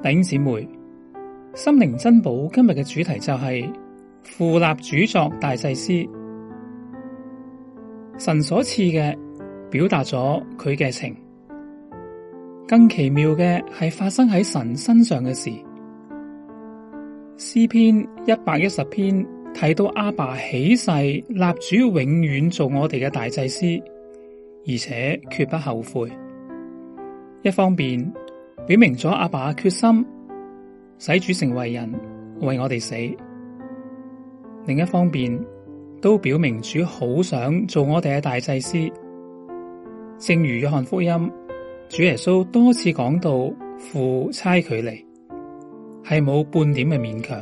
弟兄姊妹，心靈珍寶今日嘅主題就係、是、父立主作大祭司，神所賜嘅表達咗佢嘅情。更奇妙嘅係發生喺神身上嘅事。詩篇一百一十篇睇到阿爸起誓，立主永遠做我哋嘅大祭司，而且決不後悔。一方面。表明咗阿爸嘅決心，使主成為人為我哋死。另一方面，都表明主好想做我哋嘅大祭司。正如約翰福音，主耶穌多次講到父差佢嚟，係冇半點嘅勉強。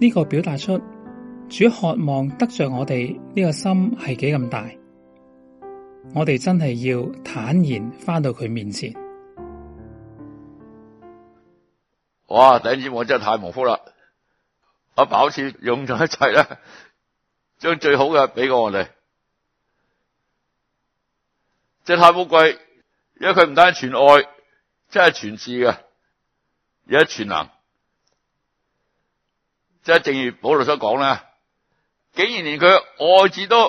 呢、這個表達出主渴望得著我哋呢、這個心係幾咁大，我哋真係要坦然翻到佢面前。哇！第一我真係太蒙福啦！阿爸，爸好似用咗一切啦，將最好嘅俾我哋。即係太富貴，因為佢唔單止全愛，即係全智嘅，而且全能。即係正如保羅所講啦，竟然連佢愛字都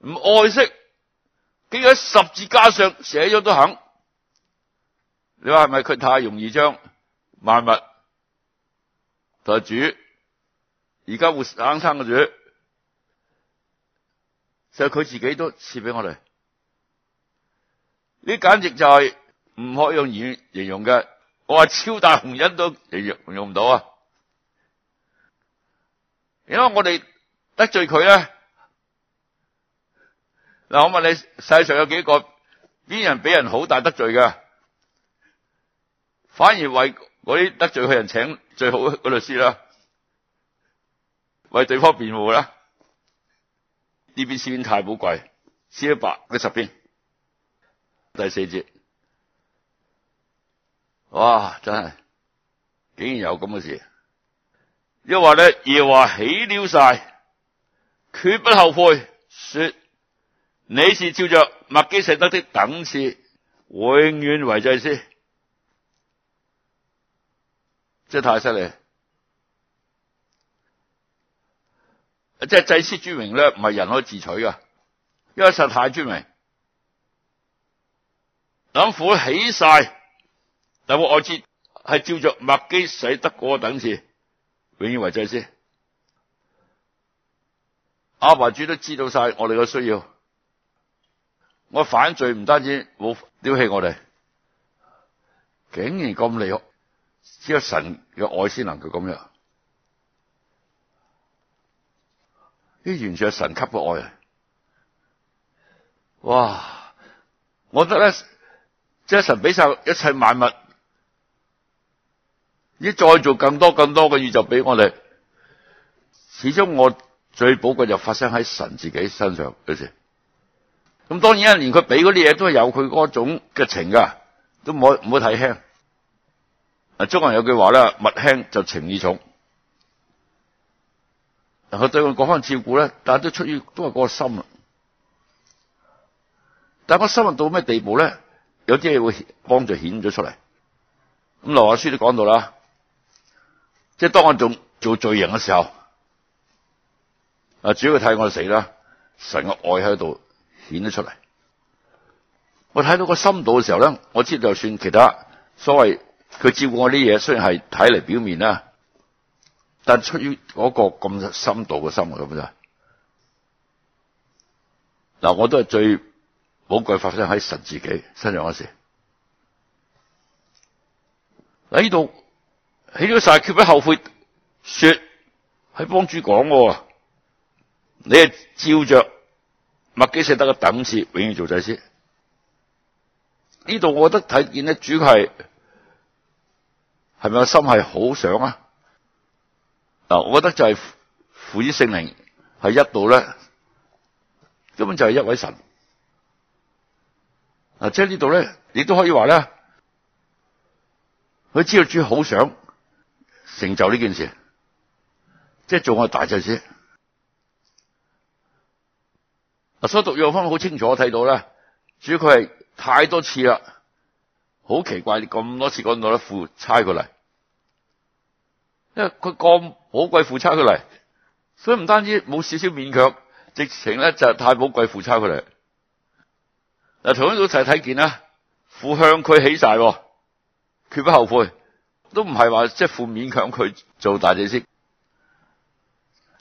唔愛惜，竟然喺十字架上寫咗都肯，你話係咪佢太容易將？萬物代主，而家活生生嘅主，甚至佢自己都賜俾我哋。呢簡直就係唔可以用語言形容嘅。我話超大紅人都形容唔到啊！因為我哋得罪佢咧，嗱，我問你，世上有幾個邊人俾人好大得罪㗎，反而為？我啲得罪佢人，請最好嘅律師啦，為對方辯護啦。呢邊先太寶貴，詩一百，一十篇第四節，哇，真係竟然有咁嘅事。因話咧，耶和華起了誓，決不後悔。說你是照着麥基洗德的等次，永遠為祭司。即係太犀利，即係祭司尊榮咧，唔係人可以自取噶因為實太尊榮，兩款起晒，但我我知係照着麥基洗德嗰個等次，永遠為祭司。阿爸，爸主都知道晒我哋嘅需要，我犯罪唔單止冇丟棄我哋，竟然咁理落。只有神嘅愛先能夠咁樣，呢完全係神給嘅愛啊！哇！我覺得咧，即係神俾晒一切萬物，而再做更多更多嘅嘢就俾我哋。始終我最寶貴就發生喺神自己身上，好似咁。咁當然啊，連佢俾嗰啲嘢都係有佢嗰種嘅情噶，都唔好唔好睇輕。中國人有句話咧，物輕就情意重。佢對我嗰方面照顧咧，但係都出於都係嗰個心啊。但係我心到咩地步咧？有啲嘢會幫助顯咗出嚟。咁《羅馬書》都講到啦，即係當我做做罪人嘅時候，啊，主要睇我死啦，神嘅愛喺度顯咗出嚟。我睇到那個深度嘅時候咧，我知道就算其他所謂。佢照顧我啲嘢，雖然係睇嚟表面啦，但出於嗰個咁深度嘅心咁咋。嗱，我都係最寶貴發生喺神自己身上嗰時。呢度起咗誓，決不後悔，說喺幫主講喎，你係照着麥基洗德嘅等次永遠做祭司。呢度我覺得睇見呢主係。係咪個心係好想啊？嗱，我覺得就係父子聖靈係一度咧，根本就係一位神。即係呢度咧，你都可以話咧，佢知道主好想成就呢件事，即係做我的大祭司。所以讀約方好清楚睇到咧，主佢係太多次啦。好奇怪，你咁多次講到咧，父差佢嚟，因為佢咁好貴，父差佢嚟，所以唔單止冇少少勉強，直情咧就太寶貴，父差佢嚟。嗱，頭先大家睇見啦，父向佢起誓，決不後悔，都唔係話即係父勉強佢做大祭司。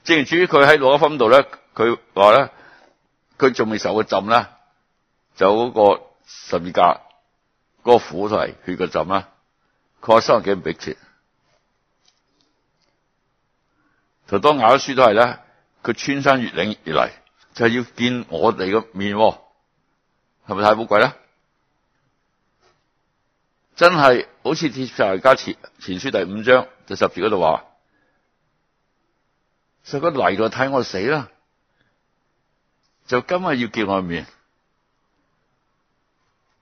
正如至於佢喺攞分度咧，佢話咧，佢仲未受過浸啦，就嗰個十字架。那個苦就係血個浸啦，佢話生幾唔逼切。佢當咬書都係咧，佢穿山越嶺而嚟，就係、是、要見我哋個面，係咪太寶貴啦？真係好似帖撒羅尼迦前前書第五章第十節嗰度話，食個嚟就睇我死啦，就今日要見我的面，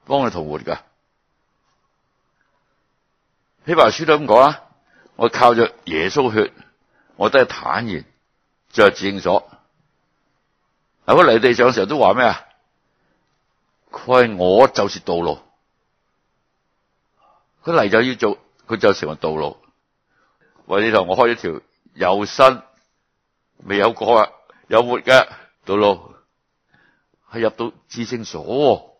幫佢逃活噶。《希伯來書》都咁講啦，我靠着耶穌血，我都坦然著自咗。所，我嚟地上嘅時候都話咩啊？佢係我就是道路，佢嚟就要做，佢就成為道路。喂，呢度我開咗條有新未有過啊，有活嘅道路，係入到至聖所，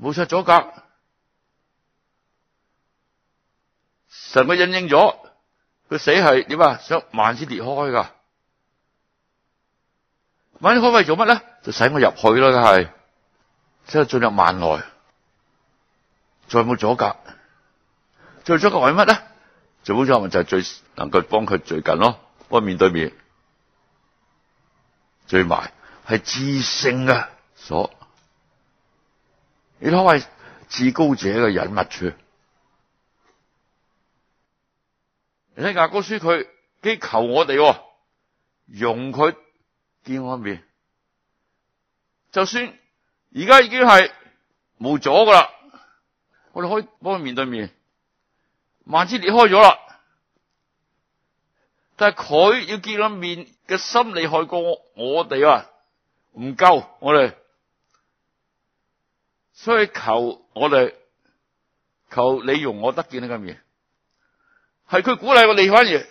冇出左格。神佢印證咗，佢死係點啊？想幔子裂開噶，幔子開係做乜咧？就使我入去囉。都係即係進入幔內，再冇阻隔。最阻隔係乜咧？最好就係最能夠幫佢最近咯，不過面對面最埋，係至聖所啊！你可謂至高者嘅隱密處。你睇雅歌書佢，佢求我哋，容佢見我面。就算而家已經係冇咗噶啦，我哋可以幫佢面對面，幔子裂開咗啦。但係佢要見我面嘅心理害過我哋啊，唔夠我哋，所以求我哋，求你容我得見呢個面。係佢鼓勵我，哋反而，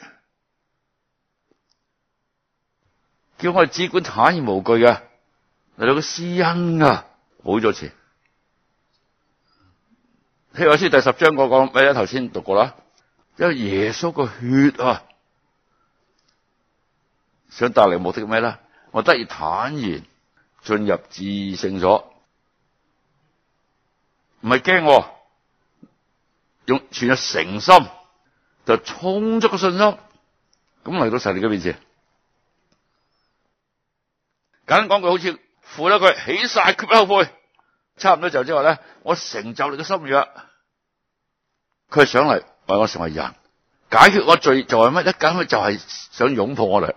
叫我哋只管坦然無懼嘅，嚟到個施恩啊，好咗一次。希伯來第十章嗰個，咪頭先讀過啦。因為耶穌個血啊，想帶嚟目的咩咧？我得以坦然進入至聖所，唔係驚我，用全係誠心。就充足嘅信心，咁嚟到實你嘅面前，簡單講句，好似負咗佢起晒決不後悔，差唔多就即係話咧，我成就你嘅心願，佢係上嚟為我成為人，解決我罪就係乜？一緊佢就係想擁抱我嚟，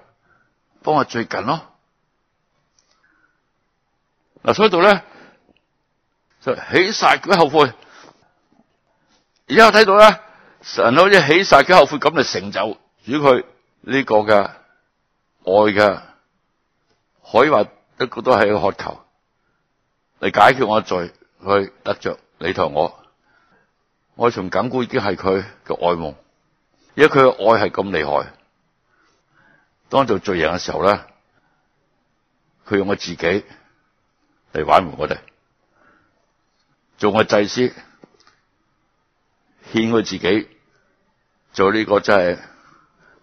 幫我最近咯。嗱，所以到咧就起晒決不後悔，而家我睇到咧。神好似起晒佢後悔咁嚟成就，如果佢呢個嘅愛嘅，可以話一個都係渴求嚟解決我罪，佢得着你同我，我從緊箍已經係佢嘅愛夢，因為佢嘅愛係咁厲害。當做罪人嘅時候咧，佢用我自己嚟挽回我哋，做我祭司。獻佢自己做呢個真係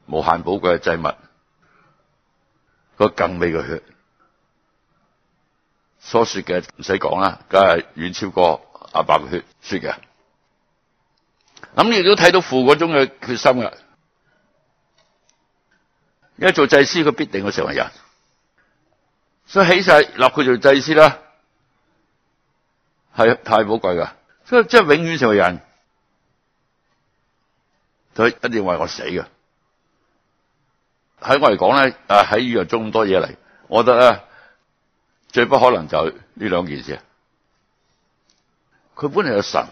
無限寶貴嘅祭物，個更美嘅血，所說嘅唔使講啦，梗係遠超過阿爸嘅血說血嘅。咁你亦都睇到父嗰種嘅決心噶，因為做祭司佢必定要成為人，所以起誓立佢做祭司啦，係太寶貴噶，即係即係永遠成為人。佢一定為我死嘅，喺我嚟講咧，啊喺宇宙中咁多嘢嚟，我覺得咧最不可能就呢兩件事。佢本嚟係神，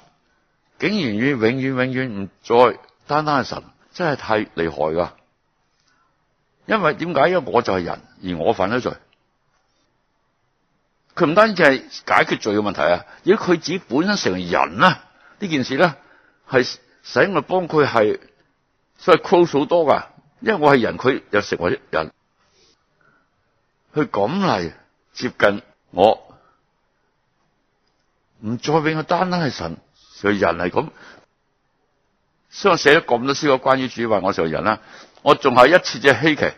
竟然要永遠永遠唔再單單係神，真係太厲害噶。因為點解？因為我就係人，而我犯咗罪。佢唔單止係解決罪嘅問題啊，如果佢自己本身成為人咧，呢件事咧係使我幫佢係。所以 close 好多噶，因為我係人，佢又成為人，佢咁嚟接近我，唔再畀我單單係神，所以人係咁。所以我寫咗咁多書，關於主話我係人啦，我仲係一次只稀奇。